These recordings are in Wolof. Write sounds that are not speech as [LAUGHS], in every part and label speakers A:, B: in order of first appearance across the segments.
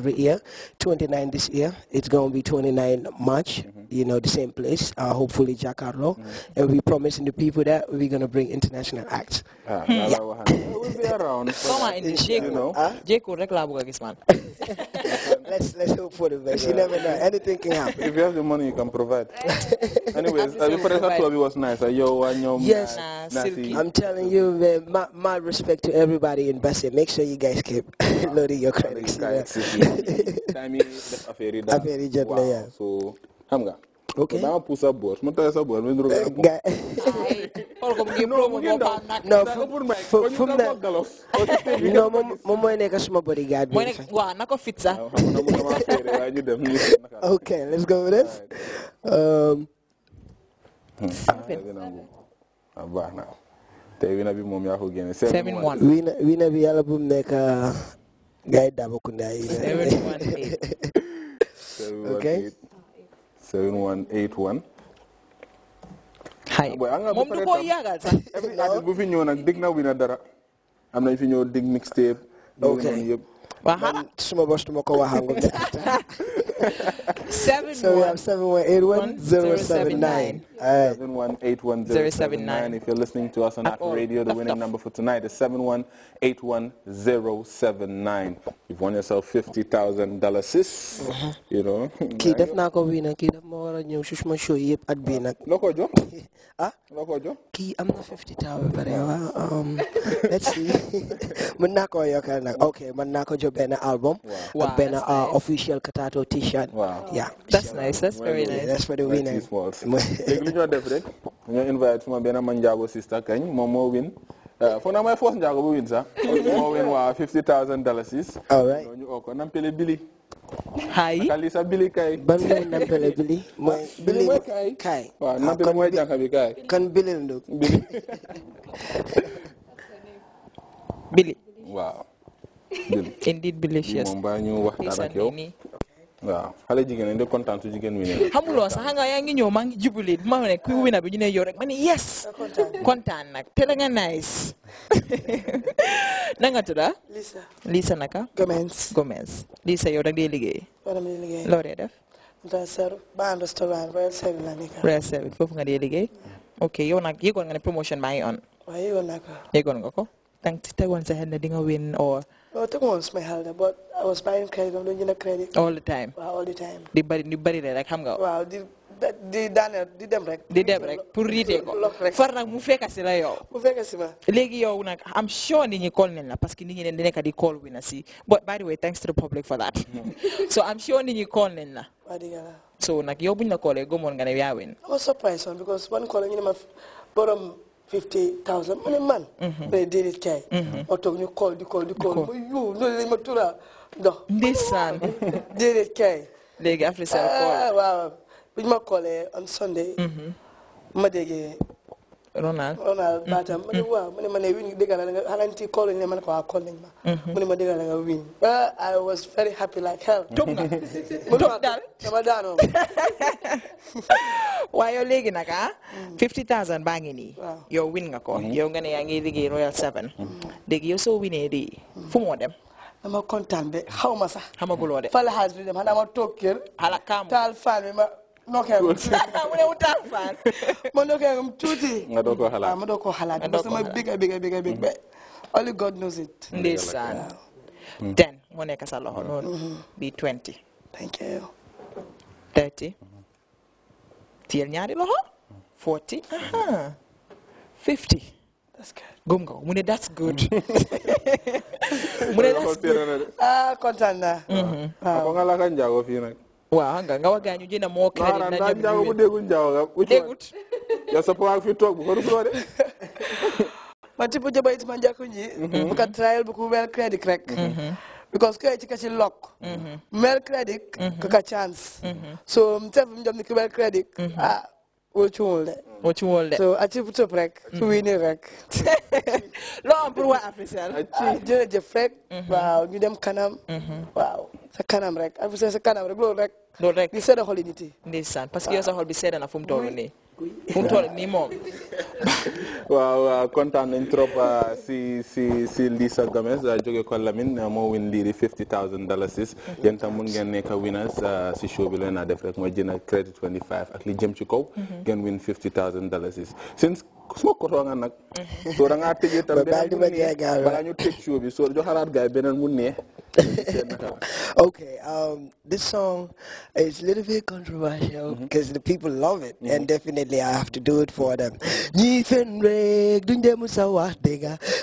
A: every year. 29 this year. It's going to be 29 March, mm -hmm. you know, the same place, uh, hopefully Jakarta. Mm -hmm. And mm-hmm. we're promising the people that we're going to bring international acts. Ah, [LAUGHS] yeah.
B: we'll be around.
A: [LAUGHS] [LAUGHS] let's let's hope
C: for the best. Yeah. You never know. Anything can happen. If you have the money, you can provide. [LAUGHS] Anyways, uh, before that club, it was nice. Uh, yo, yo, yes, nah, I'm
A: telling you, man, my, my respect to everybody in Basel. Make sure you guys keep [LAUGHS] wow. loading your credits. So,
C: hamga. Okay. Now, push up board. Mata
B: xool ko mu ngi promo boo baax
A: moom mooy nekk suma bodyguard bi. mooy nekk
B: waaw na ko fit sax.
A: ok let's um,
C: hmm. ah, ah, bi moom yaa ko génne. seven bi yàlla bu mu nekk ah, gars yi Dabakounda yi. [LAUGHS] ok xay moom du ko yàggal sax [LAUGHS] bu fi ñëw nag dig na wina dara am nañ fi ñëw dig mixtape ok yëpp waa xanaa suma bos tuma ko waxangul
D: [LAUGHS] [LAUGHS] seven one seven one eight one zero seven
C: nine Uh, 7181079. If you're listening to us on Apple Radio, the winning number for tonight is 7181079. You've won yourself $50,000 sis. Uh-huh. You know. Kii def
A: naa ko wii nag kii def ma ñëw si show yëpp at bii nag. Loo ko ah. Loo ko jox. Kii am na 50,000 ba pare Um, [LAUGHS] let's see. Manako naa koo ok manako jo ko album. Wow. Ak benn uh, official Katato t-shirt. Wow. Yeah. That's nice. That's very nice. That's for the winner.
C: lu ñoo def rek ñoo invite suma benn man Njaago sista kañ moom moo win euh, fo na may foos Njaago bu win sax moo win waa fifty thousand dalasis nampele bili hay kalisa bili kay ban nampele bili mooy kay kay kan bili ndog bili bili waaw ah, indeed bili moom baa ñu waxtaan ak yow waaw xale jigéen ñi de kontaan jigéen wi ne
B: xamuloo sax ngi ñëw maa ngi jubali ma ne kuy wina bi ñu ne yow rek ma yes kontaan nag te nga nice [LAUGHS] na nga tudd ah? Lisa Lisa naka Gomez Lisa yow dag dee liggéey loo dee def
D: ba restaurant Royal
B: Service foofu nga dee liggéey mm. ok yow nag yëgoon nga ne promotion baa ngi on
D: waaw yëgoon
B: naa nga ko tegoon sa xel ne di nga win or.
D: waaw tegoon suma but I was buying credit all
B: the time di bari de rek xam nga. waaw
D: di di daaneel di dem rek.
B: di dem rek pour riitee far nag mu fekkasi la yow. mu fekkasi ma. léegi yow nag am sure nit ñi call nañ na parce que ni ñi dañ nekk di call winner si but by the way thanks to the for that [LAUGHS] so am sure nit ñi call nañ la. so nag yow buñ la callee gomoon nga ne yaa win.
D: because one call ñu ne ma borom. fifty thousand ma ne man. ma ne déedéet kay. ma toog ñu kool di kool di kool. ma yuw loolu lañ ma tura ndox. ndeysaan. kay. léegi Africell waaw bi ñu ma koolee eh, on Sunday. Mhm. ma déggee. Ronald Ronald mm-hmm. Batam mm-hmm. mu ne ma ne win dégg la nga xananti call ma ne ko waaw call nañ ma mm-hmm. mu ne ma dégg la nga win I was [LAUGHS]
B: daal dama [LAUGHS] waaye léegi nag ah mm. fifty thousand baa ngi nii yow win nga ko yow nga ne yaa ngi liggéey Royal Seven léegi yow soo winee di mm. fu moo dem dama kontaan be xaw ma sax xamaguloo de fa la xaalis bi dem xanaa ma toog kër taal fan bi ma ndokeeku mu ne mu taal fan ma ndokeeku tuuti nga doo ko xalaat ah, waaw ma doo ko xalaat ba sama biga biga biga big ba mm-hmm. only God knows it ndeysaan mm-hmm. ten moo nekk sa loxo noonu mm-hmm. bi twenty thank you thirty tiyel ñaari loxo forty aha fifty that's good gëm nga mu ne that's good [LAUGHS] mu ne that's good ah kontaan naa
C: waaw nga laka njaago fii nag waanga
B: nga wagaañu jina moo credit na ñoom ñaago bu déggul njaago
C: ga dégut ya sapo ak fi toog bu ko duglo de
D: man tipu jaba it man jakku ñi bu ka trial bu ku mel credit rek because ko ci ka mel credit ko ka chance so mtef mjom ni mel credit ah wóccuwul mhm. wóccuwul de so aci bu rek su wiini rek loo am pour waa Africell jërëjëf rek waaw ñu dem kanam mhm. waaw sa
B: kanam rek Africell sa kanam rek loolu rek loolu rek di seede xol yi nit yi ndeysaan parce que yow sa xol bi seede na fu mu nii fu mu nii moom
C: waaw kontaan nañ trop euh, si si si Lisa Gomez euh, jóge ko Lamine euh, moo win lii di fifty thousand dollars yéen tam mun ngeen nekk winners si show bi def rek mooy jënd crédit 25 ak li jëm ci kaw mhm. ngeen win fifty thousand dollars since mhm. soo da ngaa tëjee tam balaa ñu tëj show bi beneen mu neex [LAUGHS] ok
A: um, It's a little bit controversial because mm-hmm. mm -hmm. the people love it, mm -hmm. and mm-hmm. definitely I have to do it for them.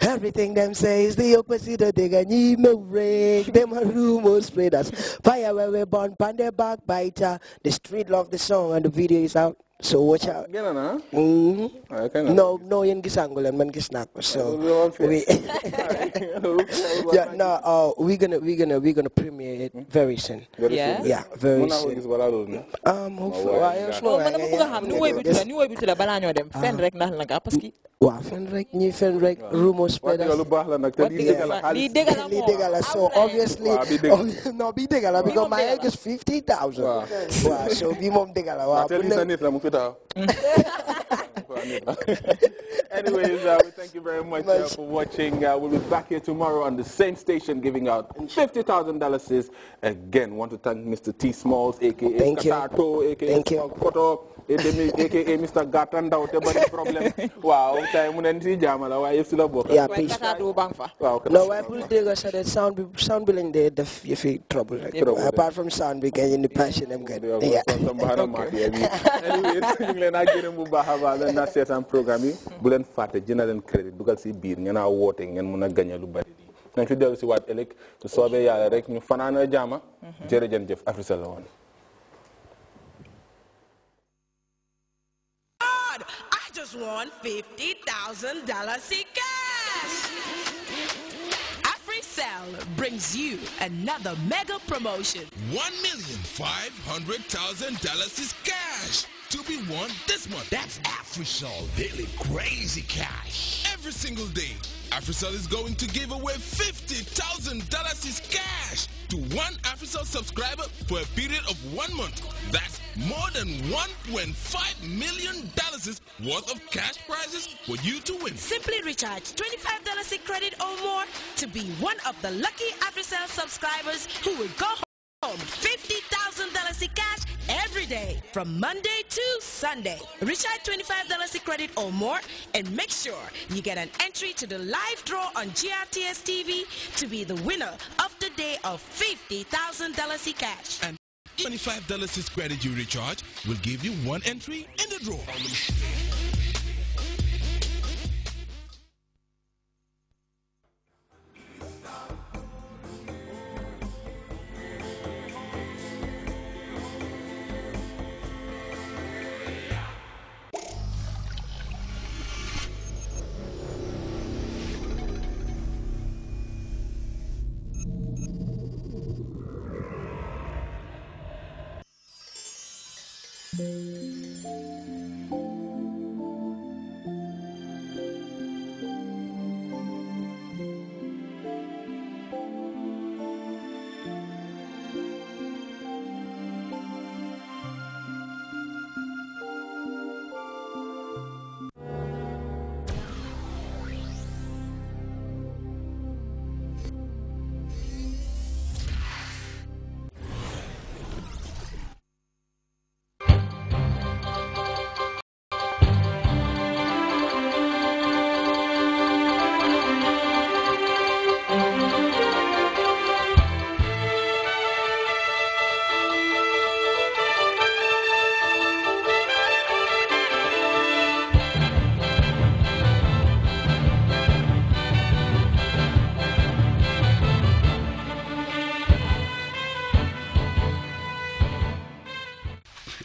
A: Everything them say is the opposite of digger. Them are rumors spreaders. Fire where we burn, pan their backbiter. The street love the song, and the video is out so watch out. Gana na? Mm No, no, yan gisango lang. Man So, we... yeah, no, uh, we're gonna, we're gonna, we're gonna premiere it very
B: soon. Yeah? Yeah, very soon.
A: Um, hopefully. Well,
B: I don't know. Man, mabuga ham. Niway bitula, niway bitula balanyo dem. Fen rek na lang apaski. Wa, fen rek, ni fen rek, rumors pedas. Wati galubah lang. Li degala. Li degala. Li degala. So, obviously,
A: no, bi degala because my egg is 50,000. So, bi degala. Wa,
C: hospital. [LAUGHS] Anyways, uh, we thank you very much uh, for watching. Uh, we'll be back here tomorrow on the same station giving out $50,000 again. Want to thank Mr. T. Smalls, a.k.a. Thank Katato, you. a.k.a. Thank you. Koto, a.k.a. Mr. Gatan Daute, but the problem, wow, time when I see Jamala, why you still book? Yeah, please.
B: No,
A: I put the sound, sound billing there, the if trouble. Apart from sound, we can in the passion, I'm good. Yeah. Anyway,
B: it's England,
C: I get him, Bahava, then a programme yi bu crédit dugal biir ngeen lu bari fi yàlla rek ñu jaama jëf la
B: I just won $50,000 in cash. Africell brings you another mega promotion.
C: $1,500,000 is cash to be won this month. That's AfriSol Daily Crazy Cash. Every single day, AfriSol is going to give away $50,000 in cash to one AfriSol subscriber for a period of one month. That's more than $1.5 million worth of cash
B: prizes for you to win. Simply recharge $25 in credit or more to be one of the lucky Afrisol subscribers who will go from Monday to Sunday. Reach out $25 in credit or more and make sure you get an entry to the live draw on GRTS TV to be the winner of the day of $50,000 in cash.
C: And $25 is credit you recharge will give you one entry in the draw. Thank you.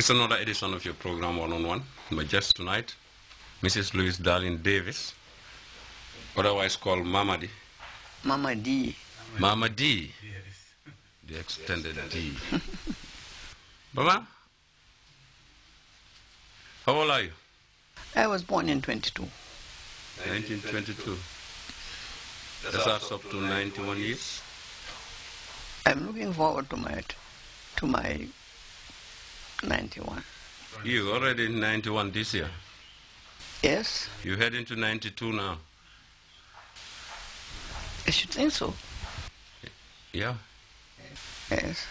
C: It's another edition of your program One on One. But just tonight, Mrs. Louise Darling Davis, otherwise called Mama D.
D: Mama D.
C: Mama D. Yes. The extended yes, D.
D: Mama, [LAUGHS] how old are you? I was born in 22. 1922.
C: That's, That's up to 91 years.
D: I'm looking forward to my, to my 91.
C: You already in 91 this year? Yes. You head into 92 now?
D: I should think so. Yeah. Yes.